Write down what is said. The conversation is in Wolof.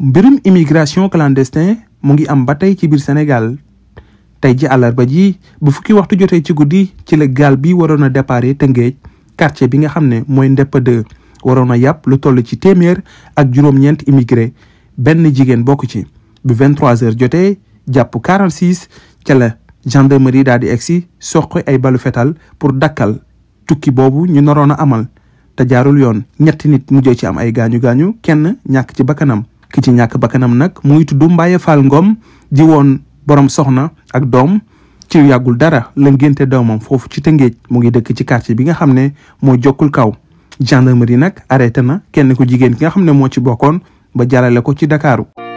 mbirum immigration clandestin mu ngi am ba tey ci biir Sénégal tey ji àllarba ji bu fukki waxtu jotee ci guddi ci la gaal bi waroon a déparé Tëngéej quartier bi nga xam ne mooy Ndépa 2 waroon a yàpp lu toll ci téeméer ak juróom-ñeent immigré benn jigéen bokk ci bu 23h jotee jàpp 46 ca la gendarmerie daal di egsi soqi ay balu fetal pour dakkal tukki boobu ñu naroon a amal te jaarul yoon ñetti nit mujjee ci am ay gaañu gaañu kenn ñàkk ci bakkanam ki ci ñàkk bakkanam nag mu ngi tudd Mbaye Fall Ngom di woon borom soxna ak doom ci yàggul dara la ngénte doomam foofu ci Tëngéej mu ngi dëkk ci quartier bi nga xam ne moo jokkul kaw gendarmerie nag arrêté na kenn ku jigéen ki nga xam ne moo ci bokkoon ba jàllale ko ci Dakaaru